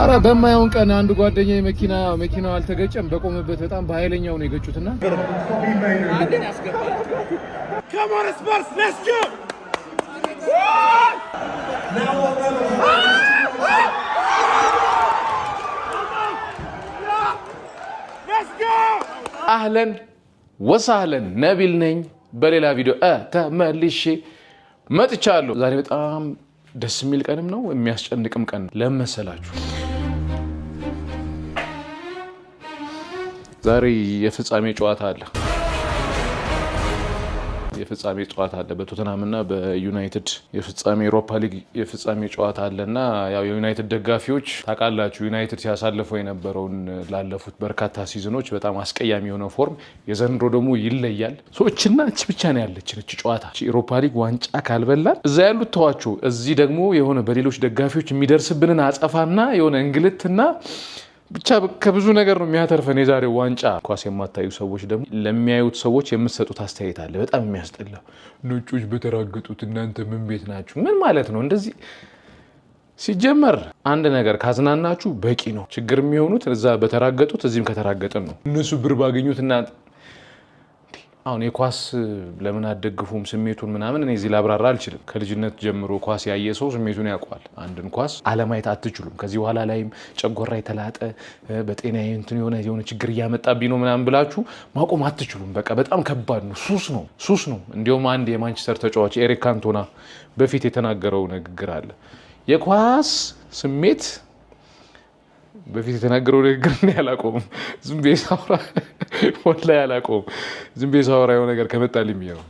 አረ በማየውን ቀን አንድ ጓደኛ መኪና መኪና አልተገጨም። በቆመበት በጣም በኃይለኛው ነው የገጩትና አህለን ወሳህለን ነቢል ነኝ። በሌላ ቪዲዮ ተመልሼ መጥቻለሁ። ዛሬ በጣም ደስ የሚል ቀንም ነው የሚያስጨንቅም ቀን ለመሰላችሁ ዛሬ የፍጻሜ ጨዋታ አለ። የፍጻሜ ጨዋታ አለ በቶተናምና በዩናይትድ የፍጻሜ ኤሮፓ ሊግ የፍጻሜ ጨዋታ አለና ያው የዩናይትድ ደጋፊዎች ታውቃላችሁ፣ ዩናይትድ ሲያሳልፈው የነበረውን ላለፉት በርካታ ሲዝኖች በጣም አስቀያሚ የሆነ ፎርም የዘንድሮ ደግሞ ይለያል። ሰዎችና እች ብቻ ነው ያለች ነች ጨዋታ ኤሮፓ ሊግ ዋንጫ ካልበላል እዛ ያሉት ተዋችሁ፣ እዚህ ደግሞ የሆነ በሌሎች ደጋፊዎች የሚደርስብንን አጸፋና የሆነ እንግልትና ብቻ ከብዙ ነገር ነው የሚያተርፈን የዛሬው ዋንጫ። ኳስ የማታዩ ሰዎች ደግሞ ለሚያዩት ሰዎች የምትሰጡት አስተያየት አለ። በጣም የሚያስጠላው ነጮች በተራገጡት እናንተ ምን ቤት ናችሁ? ምን ማለት ነው እንደዚህ? ሲጀመር አንድ ነገር ካዝናናችሁ በቂ ነው። ችግር የሚሆኑት እዛ በተራገጡት እዚህም ከተራገጥን ነው። እነሱ ብር ባገኙት እና አሁን የኳስ ለምን አደግፉም ስሜቱን ምናምን እኔ እዚህ ላብራራ አልችልም። ከልጅነት ጀምሮ ኳስ ያየ ሰው ስሜቱን ያውቋል። አንድን ኳስ አለማየት አትችሉም። ከዚህ በኋላ ላይም ጨጓራ የተላጠ በጤና እንትን የሆነ የሆነ ችግር እያመጣብኝ ነው ምናምን ብላችሁ ማቆም አትችሉም። በቃ በጣም ከባድ ነው። ሱስ ነው፣ ሱስ ነው። እንዲሁም አንድ የማንቸስተር ተጫዋች ኤሪክ ካንቶና በፊት የተናገረው ንግግር አለ የኳስ ስሜት በፊት የተናገረው ንግግር እኔ አላቆምም። ዝም ብዬ ሳወራ ወላሂ አላቆምም። ዝም ብዬ ሳወራ የሆነ ነገር ከመጣልኝ ብዬ ነው።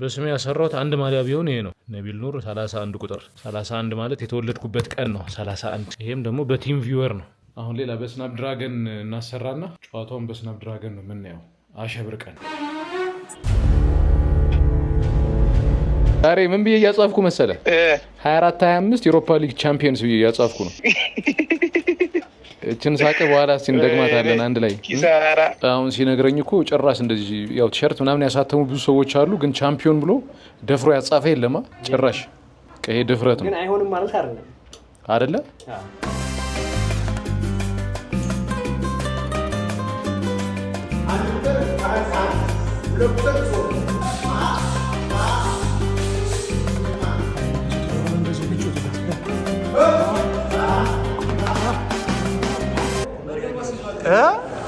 በስሜ ያሰራሁት አንድ ማሊያ ቢሆን ይሄ ነው። ነቢል ኑር 31 ቁጥር 31 ማለት የተወለድኩበት ቀን ነው 31። ይሄም ደግሞ በቲም ቪወር ነው። አሁን ሌላ በስናፕ ድራገን እናሰራና ጨዋታውን በስናፕ ድራገን ነው የምናየው አሸብርቀን ዛሬ ምን ብዬ እያጻፍኩ መሰለ? 24 25 ዩሮፓ ሊግ ቻምፒየንስ ብዬ እያጻፍኩ ነው። እችን ሳቅ በኋላ እስኪ እንደግማታለን አንድ ላይ። አሁን ሲነግረኝ እኮ ጭራሽ እንደዚህ ያው ቲሸርት ምናምን ያሳተሙ ብዙ ሰዎች አሉ፣ ግን ቻምፒዮን ብሎ ደፍሮ ያጻፈ የለማ ጭራሽ። ይሄ ድፍረት ነው አይደለ? አንድ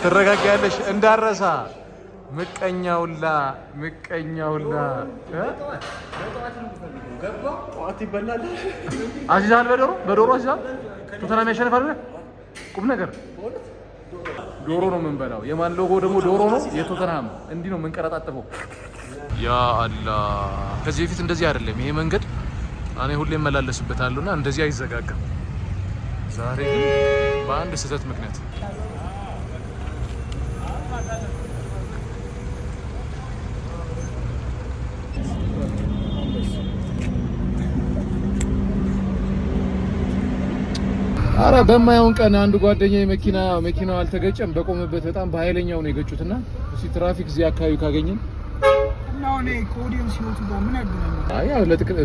ትረጋጊያለሽ። እንዳረሳ ምቀኛውላ ምቀኛውላ አዚዛል በዶሮ በዶሮ አዚዛል ቶተና የሚያሸንፍ ቁም ነገር ዶሮ ነው የምንበላው። የማን ሎጎ ደግሞ ዶሮ ነው። የቶተናም እንዲህ ነው የምንቀረጣጥፈው። ያ አላ ከዚህ በፊት እንደዚህ አይደለም ይሄ መንገድ እኔ ሁሌ እመላለስበታለሁ እና እንደዚህ አይዘጋጋም። ዛሬ ግን በአንድ ስህተት ምክንያት አረ በማየውን ቀን አንድ ጓደኛ የመኪና መኪናው አልተገጨም፣ በቆመበት በጣም በኃይለኛው ነው የገጩትና እስኪ ትራፊክ እዚህ አካባቢ ካገኘን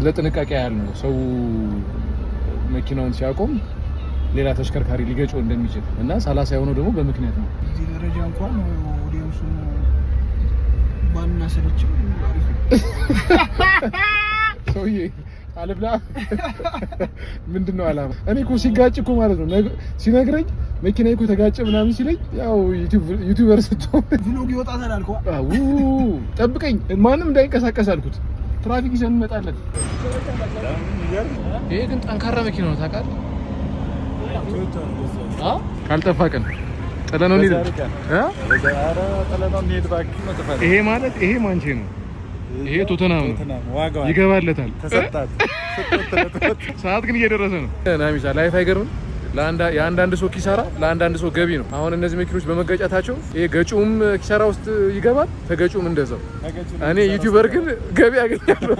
ለጥንቃቄ ያህል ነው ሰው መኪናውን ሲያቆም ሌላ ተሽከርካሪ ሊገጨው እንደሚችል እና ሰላሳ የሆነው ደግሞ በምክንያት ነው። እዚህ ደረጃ እንኳን ኦዲየንሱ ባናሰለችም ሰውዬ አልብላ ምንድን ነው አላማ? እኔ እኮ ሲጋጭ እኮ ማለት ነው ሲነግረኝ መኪና እኮ ተጋጨ ምናምን ሲለኝ ያው ዩቲዩበር ስትሆን ቪሎግ ይወጣታል አልኩ። ጠብቀኝ ማንም እንዳይንቀሳቀስ አልኩት። ትራፊክ ይዘን እንመጣለን። ይሄ ግን ጠንካራ መኪና ነው ታውቃለህ። ካልጠፋ ቀን ጥለነው እንሂድ። ይሄ ማለት ይሄ ማንቼ ነው ይሄ ቶተናም ነው። ይገባለታል። ሰዓት ግን እየደረሰ ነው። ናሚሳ ላይፍ አይገርምም? የአንዳንድ ሰው ኪሳራ ለአንዳንድ ሰው ገቢ ነው። አሁን እነዚህ መኪኖች በመገጨታቸው ይሄ ገጩም ኪሳራ ውስጥ ይገባል፣ ተገጩም እንደዛው። እኔ ዩቲዩበር ግን ገቢ ያገኛለሁ።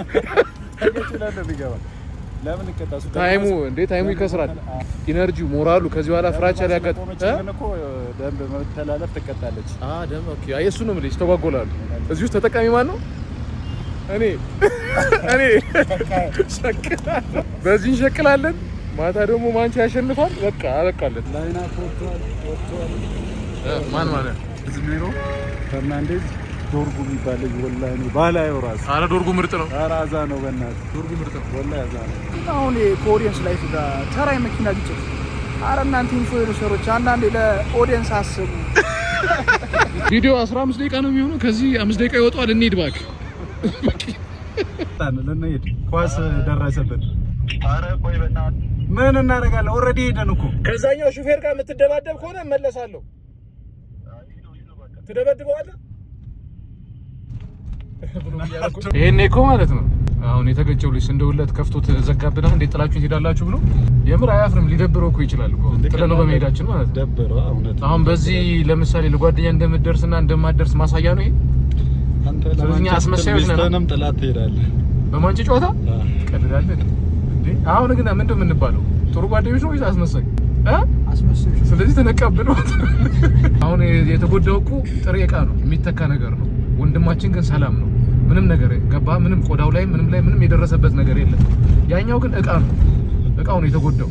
ታይሙ እንዴ ታይሙ ይከስራል። ኢነርጂ ሞራሉ ከዚህ በኋላ ፍራቻ ሊያጋጥ ደንብ መተላለፍ ትቀጣለች። ደንብ እሱ ነው የምልህ። ይስተጓጎላሉ። እዚህ ውስጥ ተጠቃሚ ማን ነው? እኔ እኔ በዚህ እንሸቅላለን። ማታ ደግሞ ማንቻ ያሸንፋል። በቃ አበቃለን። ማን ማለት ዝሜሮ ፈርናንዴዝ ዶርጉ የሚባል ልጅ ወላሂ ነው ባላ ራሱ። ኧረ ዶርጉ ምርጥ ነው። ኧረ አዛ ነው በእናትህ ዶርጉ ምርጥ ነው ወላሂ አዛ ነው። አሁን ከኦዲየንስ ላይፍ ጋር ተራ የመኪና ግጭት። ኧረ እናንተ ኢንፍሉዌንሰሮች አንዳንዴ ለኦዲየንስ አስቡ። ቪዲዮ 15 ደቂቃ ነው የሚሆነው። ከዚህ 5 ደቂቃ ይወጣዋል። እንሂድ እባክህ ወጣን ልንሄድ፣ ኳስ ደረሰበት። አረ ቆይ በእናትህ ምን እናደርጋለን? ኦልሬዲ ሄደን እኮ ከዛኛው ሹፌር ጋር የምትደባደብ ከሆነ እመለሳለሁ። ትደበድበዋለህ። ይሄኔ እኮ ማለት ነው አሁን የተገጨው ልጅ እንደውለት ከፍቶት ዘጋብናል። እንዴት ጥላችሁን ትሄዳላችሁ ብሎ የምር አያፍርም። ሊደብረው እኮ ይችላል እኮ ጥለነው በመሄዳችን ማለት ደብረው። አሁን በዚህ ለምሳሌ ለጓደኛ እንደምትደርስና እንደማትደርስ ማሳያ ነው ይሄ። አንተ ስለዚህ አስመሳዮች ነን። ጥላት ትሄዳለህ በማንቺ ጨዋታ ቀልዳለን እንዴ? አሁን ግን ምንድን የምንባለው ጥሩ ጓደኞች ነው ወይስ አስመሳይ? ስለዚህ ተነቃብን። አሁን የተጎዳው እኮ ጥሬ እቃ ነው፣ የሚተካ ነገር ነው። ወንድማችን ግን ሰላም ነው። ምንም ነገር ገባ፣ ምንም ቆዳው ላይ ምንም ላይ ምንም የደረሰበት ነገር የለም። ያኛው ግን እቃ ነው፣ እቃው ነው የተጎዳው።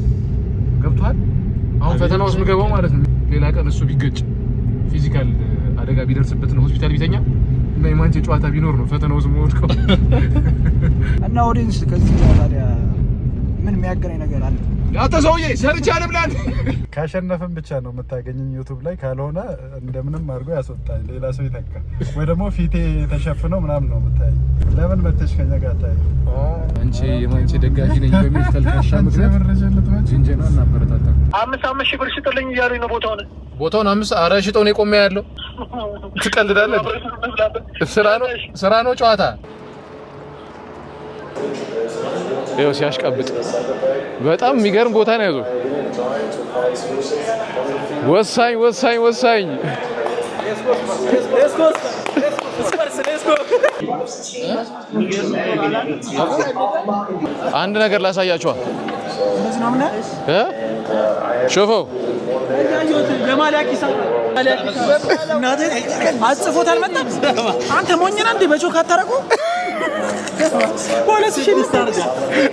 ገብቷል። አሁን ፈተና ውስጥ ማለት ነው። ሌላ ቀን እሱ ቢገጭ ፊዚካል አደጋ ቢደርስበት ነው ሆስፒታል ቢተኛ እና ጨዋታ ቢኖር ነው ፈተናው ዝም ወድቆ እና ኦዲንስ ከዚህ ታዲያ ምን የሚያገናኝ ነገር አለ? ያተ ሰውዬ ሰርቼ አልብላን ካሸነፍን ብቻ ነው የምታገኘኝ ዩቱብ ላይ ካልሆነ እንደምንም አድርጎ ያስወጣል። ሌላ ሰው ይተካ ወይ ደግሞ ፊቴ ተሸፍነው ምናምን ነው የምታይ። ለምን መተሽ ከኛ ጋር ታይ አንቺ የማንቺ ደጋፊ ነኝ በሚል ተልካሻ ምክንያት ጅንጀና እናበረታታ። አምስት አምስት ሺህ ብር ሽጥልኝ እያሉኝ ነው ቦታውን ቦታውን አምስት አረ ሽጦ ነው የቆመ ያለው። ትቀልዳለህ። ስራ ነው ጨዋታ ይኸው ሲያሽቀብጥ በጣም የሚገርም ቦታ ነው ያዘው። ወሳኝ ወሳኝ ወሳኝ አንድ ነገር ላሳያችኋል። ሾፈው አጽፎት አልመጣም። አንተ ሞኝና እንዴ በጆክ አታረቁ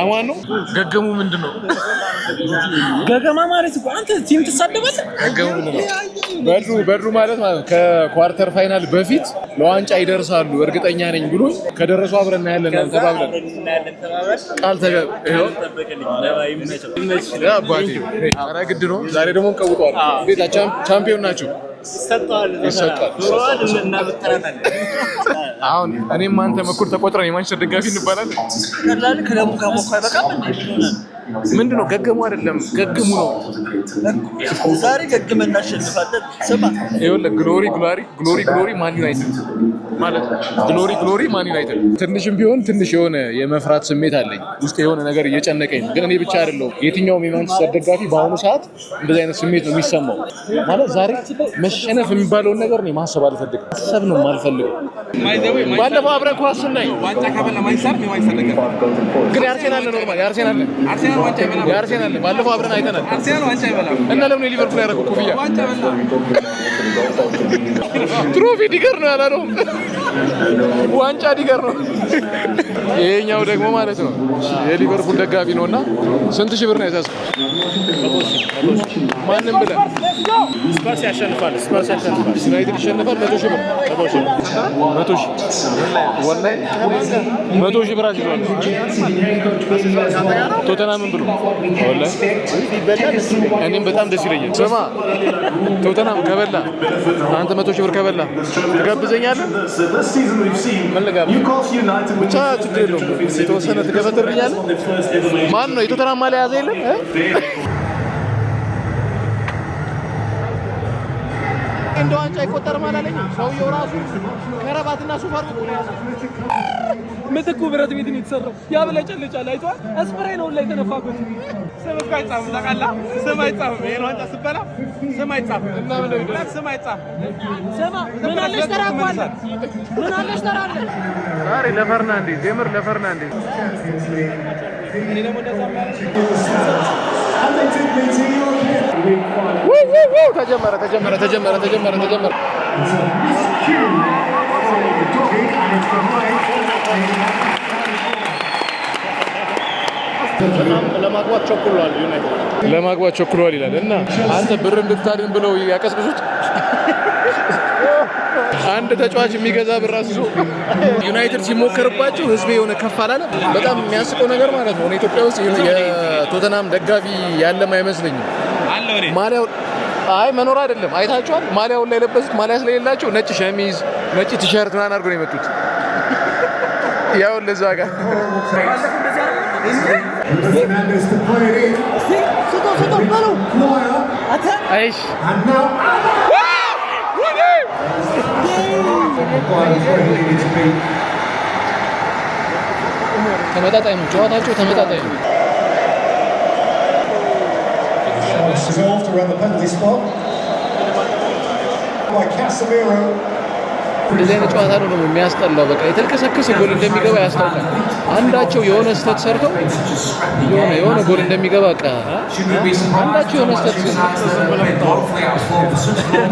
አማን ነው። ገገሙ ምንድን ነው? ገገማ ማለት እኮ አንተ ቲም ትሳደባለህ። ገገሙ በድሩ በድሩ ማለት ማለት ከኳርተር ፋይናል በፊት ለዋንጫ ይደርሳሉ እርግጠኛ ነኝ ብሎ ከደረሱ አብረን እናያለን ተባብለን ቃል ተገብ ይሄው ያ አባቴ ኧረ ግድ ነው። ዛሬ ደግሞ እንቀውጠዋለን። ቤታ ቻምፒዮን ናቸው። አሁን እኔም አንተ መኩር ተቆጥረን የማንቸስተር ደጋፊ እንባላለን። ምንድን ነው ገግሙ? አይደለም ገግሙ ነው። ዛሬ ገግመ እናሸንፋለን። ስማ ይኸውልህ፣ ግሎሪ ግሎሪ ግሎሪ ግሎሪ ማን ዩናይትድ ማለት ግሎሪ ግሎሪ ማን ዩናይትድ። ትንሽም ቢሆን ትንሽ የሆነ የመፍራት ስሜት አለኝ ውስጥ የሆነ ነገር እየጨነቀኝ ነው። ግን እኔ ብቻ አይደለሁም። የትኛውም የማንቸስተር ደጋፊ በአሁኑ ሰዓት እንደዚህ አይነት ስሜት ነው የሚሰማው። ማለት ዛሬ መሸነፍ የሚባለውን ነገር ነው ማሰብ አልፈልግም። ማሰብ ነው የማልፈልገው። ባለፈው አብረን ኳስ ስናይ ዋንጫ ከበላ ማንሳት ነው ነገር ግን የአርሴናል ኖርማል የአርሴናል የአርሴናል ባለፈው አብረን አይተናል። እና ለምን የሊቨርፑል ያደረገው ኮፍያ ትሮፊ ዲገር ነው ያላለው፣ ዋንጫ ዲገር ነው። ይሄኛው ደግሞ ማለት ነው የሊቨርፑል ደጋፊ ነው እና ስንት ሺህ ብር ነው የሳስኩት? ማንም ብለህ ስፐርስ ያሸንፋል፣ ስፐርስ ያሸንፋል፣ ዩናይትድ ይሸንፋል። መቶ ሺህ ብር መቶ ሺህ ወላሂ መቶ ሺህ ብር አስይዟል ቶተናም ምናምን ብሎ እኔም በጣም ደስ ይለኛል። ስማ ቶተናም ከበላ አንተ መቶ ሺህ ብር ከበላ ትጋብዘኛለህ። ብቻ ችግር የለውም የተወሰነ ትገበትርኛለህ። ማን ነው የቶተናም ማሊያ የያዘ የለም? እንደ ዋንጫ ይቆጠር ማለት ሰውየው ራሱ ከረባትና ሱፋር ነው ምትኩ ብረት ቤት ነው የተሰራው። ያብለጨልጫል። አይቷል። አስፕሬ ነው ላይ ተነፋኩት። ስም እኮ አይጻፍም ታውቃለህ። ስም አይጻፍም። ይሄን ዋንጫ ስትበላ ስም አይጻፍም። ስም አይጻፍም። ስማ ምን አለሽ ተራ አለ። ምን አለሽ ተራ አለ። ዛሬ ለፈርናንዴዝ የምር ለፈርናንዴዝ ተጀመረ ተጀመረ ተጀመረ ተጀመረ ተጀመረ ለማግባት ቸኩሏል ለማግባት ቸኩሏል ይላል እና አንተ ብር እንድታድን ብለው ያቀስቅሱት። አንድ ተጫዋች የሚገዛ ብር አስይዞ ዩናይትድ ሲሞከርባቸው ህዝብ የሆነ ከፍ አላለ። በጣም የሚያስቀው ነገር ማለት ነው ኢትዮጵያ ውስጥ የቶተናም ደጋፊ ያለም አይመስለኝም። ማሊያው አይ መኖር አይደለም አይታችኋል። ማሊያውን ላይ የለበሱት ማሊያ ስለሌላቸው ነጭ ሸሚዝ ነጭ ቲሸርት ምናምን አድርጎ ነው የመጡት። ያው ለዛ ጋር ተመጣጣኝ ነው ጨዋታቸው፣ ተመጣጣኝ ነው። by Casemiro. እንደዚህ አይነት ጨዋታ ነው ደግሞ የሚያስጠላው። በቃ የተልከሰከሰ ጎል እንደሚገባ ያስታውቃል። አንዳቸው የሆነ ስህተት ሰርተው የሆነ የሆነ ጎል እንደሚገባ በቃ አንዳቸው የሆነ ስህተት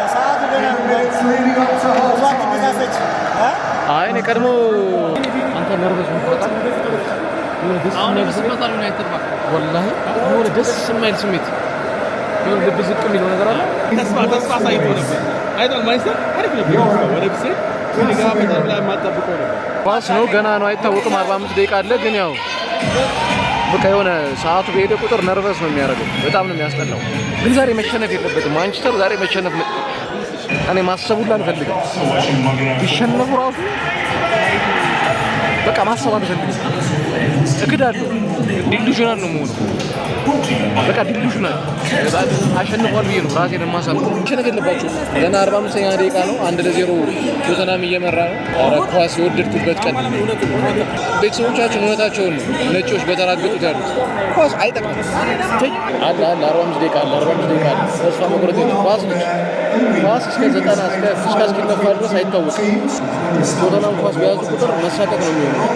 አይ ቀድሞ አንተ ነርቨስ የሆነ ደስ የማይል ስሜት የሆነ ልብ ዝቅ የሚለው ነገር አለ። ተስፋ ተስፋ ሳይቶ ነበር ኳስ ነው ገና ነው አይታወቅም። 45 ደቂቃ አለ። ግን ያው በቃ የሆነ ሰዓቱ በሄደ ቁጥር ነርቨስ ነው የሚያደርገው። በጣም ነው የሚያስጠላው። ግን ዛሬ መሸነፍ የለበትም ማንቸስተር ዛሬ መሸነፍ እኔ ማሰብ ሁሉ አልፈልግም። ቢሸነፉ ራሱ በቃ ማሰብ አልፈልግም። እክዳለሁ፣ ዲሉዥናል ነው የምሆነው በቃ ዲፕሊሽናል አሸንፏል ብዬ ነው ራሴን የማሳልፍ። ነገር ገና አርባ አምስተኛ ደቂቃ ነው አንድ ለዜሮ ቶተናም እየመራ ነው። ኧረ ኳስ የወደድኩበት ቀን። ቤተሰቦቻችን እውነታቸውን ነጮች በተራገጡት ያሉት ኳስ አይጠቅም አለ አለ አርባ አምስት ደቂቃ አለ አርባ አምስት ደቂቃ አለ። ተስፋ መቁረጥ የለም ኳስ ነች። ኳስ እስከ ዘጠና እስከ እስኪነፋ ድረስ አይታወቅም። ቶተናም ኳስ በያዙ ቁጥር መሳቀቅ ነው የሚሆነው።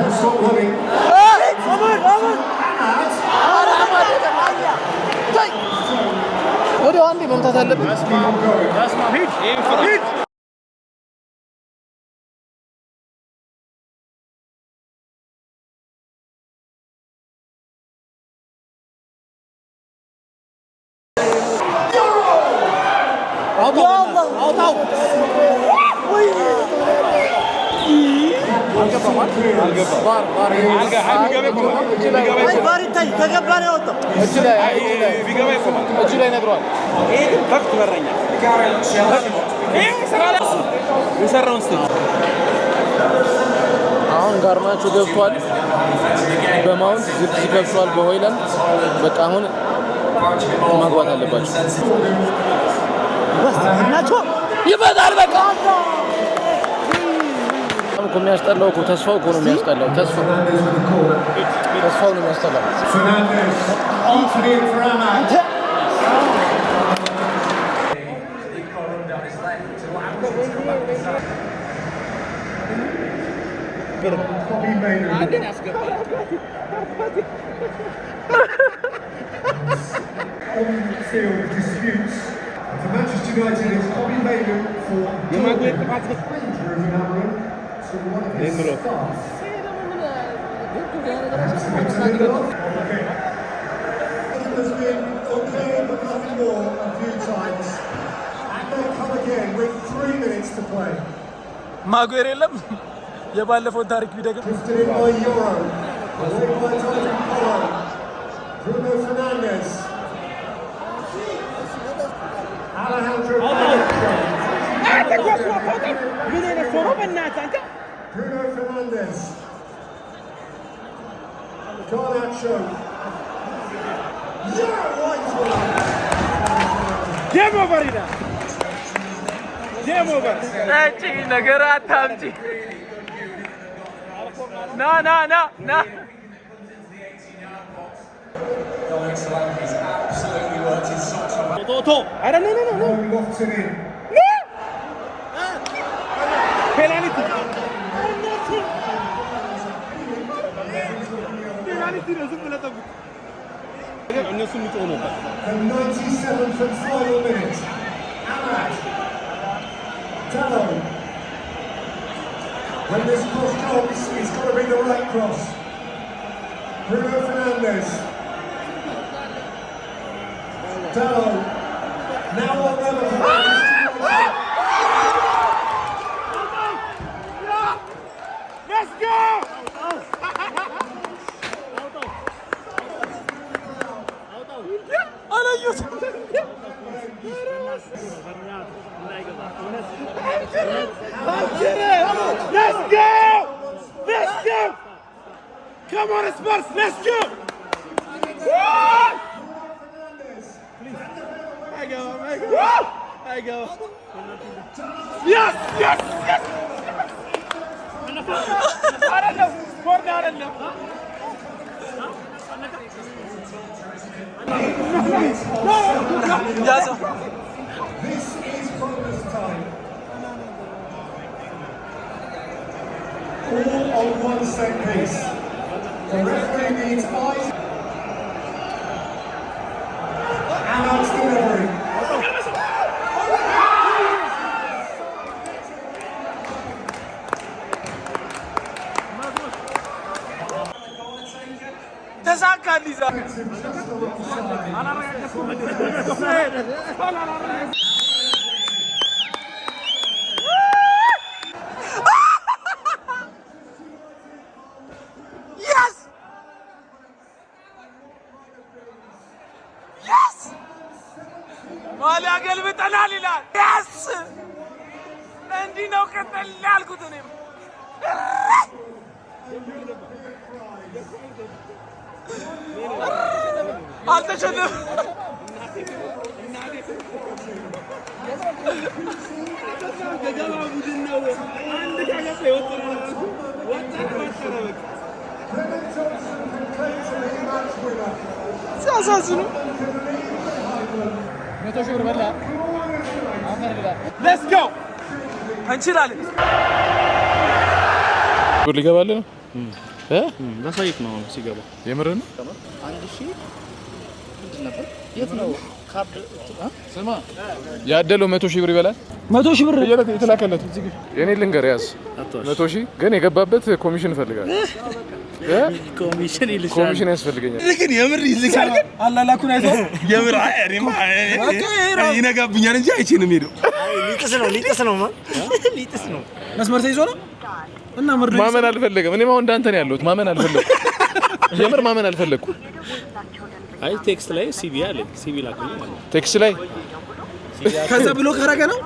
አንዴ መምታት አለብን። አሁን ጋርናቾ ገብቷል። በማውንት ዝርዝ ገብቷል። በሆይላንድ በቃ አሁን ማግባት አለባቸው። ናቸው ይበዛል። በቃ የሚያስጠላው እኮ ተስፋው እኮ ነው የሚያስጠላው። ተስፋው ተስፋው ነው የሚያስጠላው። askırım. Annen askırım. Unsealed disputes. The Manchester United is Bobby Mayer for Jordan Ranger of Navarro to one of his staff. Perhaps to make a little off. Has been declared the Common War a few times, and they come again with three minutes to play. Maguire የባለፈውን ታሪክ ቢደግም ምን አይነት ሶሮ በእናትህ አንተ ነገር አታምጪ No, no, no, no. Toto. I don't know, no, no, no. No! Penalty. Penalty doesn't let them. Anlıyorsun bir konu. The 97th and final minute. Ahmad. Talon. When this cross drop Michael Lacrosse, Bruno Fernandes, Dallo, now on Rutherford. Let's go! Come on, Spurs, let's go! I go, I go. I go. Yes, yes, yes! ఆడండి court ఆడండి Yeah, so. all on one set piece. The referee needs eyes. And that's delivery. تسعة كان نزار Anne canım. Sen sensin. Metoşur Let's go. Hançer Ali. Gurliga Valley? Hm. Ja? Hm, das sag ich mal, Sieger. Jemmerin? Tamam. Andişi. Şey? ነበር። የት ነው ካርድ? ስማ ያደለው መቶ ሺህ ብር ይበላል። መቶ ሺህ ብር የተላከለት የኔ ልንገር ያዝ መቶ ሺህ ግን የገባበት ኮሚሽን ይፈልጋል። ኮሚሽን ያስፈልገኛል። ግን የምር ይልሻል። ግን አላላኩን አይቶ የምር ይነጋብኛል እንጂ አይችልም። ሄደው ሊጥስ ነው ሊጥስ ነው ሊጥስ ነው መስመር ተይዞ ነው እና ማመን አልፈለገም። እኔም አሁን እንዳንተ ነው ያለሁት። ማመን አልፈለኩም። የምር ማመን አልፈለኩም። አይ ቴክስት ላይ ሲቪ አለ ሲቪ ላከኝ ቴክስት ላይ ከዛ ብሎ ካረገ ነው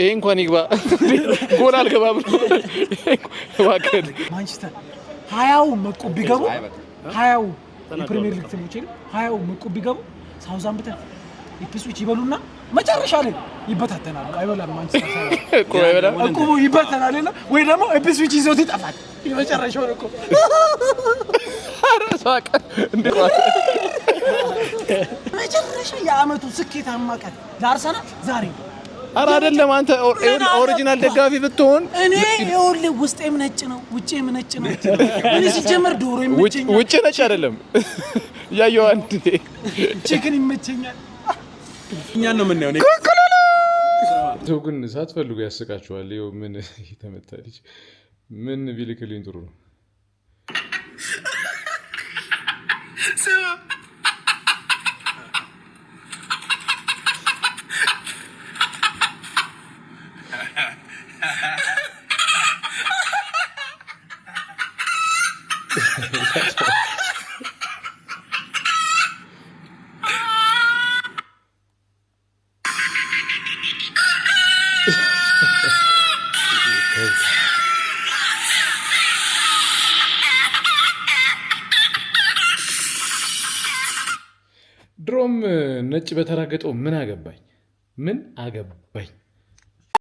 ይሄ እንኳን ይግባ ጎል አልገባ ብሎ ማንቸስተር ሀያው መቁ ቢገቡ ሀያው የፕሪሚየር ሊግ ቲሞችን ሀያው መቁ ቢገቡ ሳውዛምፕተን ኢፕስዊች ይበሉና መጨረሻ ላይ ይበታተናሉ። አይበላም ማንቸስተር እኮ አይበላም እኮ ይበተናል፣ እና ወይ ደግሞ ኢፕስዊች ይዞት ይጠፋል። የመጨረሻውን እኮ መጨረሻ የአመቱ ስኬታማ ቀን ለአርሰናል ዛሬ ነው። አይደለም አንተ ኦሪጂናል ደጋፊ ብትሆን እኔ ይሁን ውስጤም ነጭ ነው ውጭም ነጭ ነው። እኔ ሲጀመር ዶሮ ይመቸኛል፣ ውጪ ነጭ አይደለም ያየዋል። ቺክን ይመቸኛል እኛን ነው የምናየው። ሰው ግን ሳትፈልጉ ያስቃችኋል። ይኸው ምን የተመታ ልጅ ምን ቢልክልኝ ጥሩ ነው። ነጭ በተረገጠው ምን አገባኝ? ምን አገባኝ?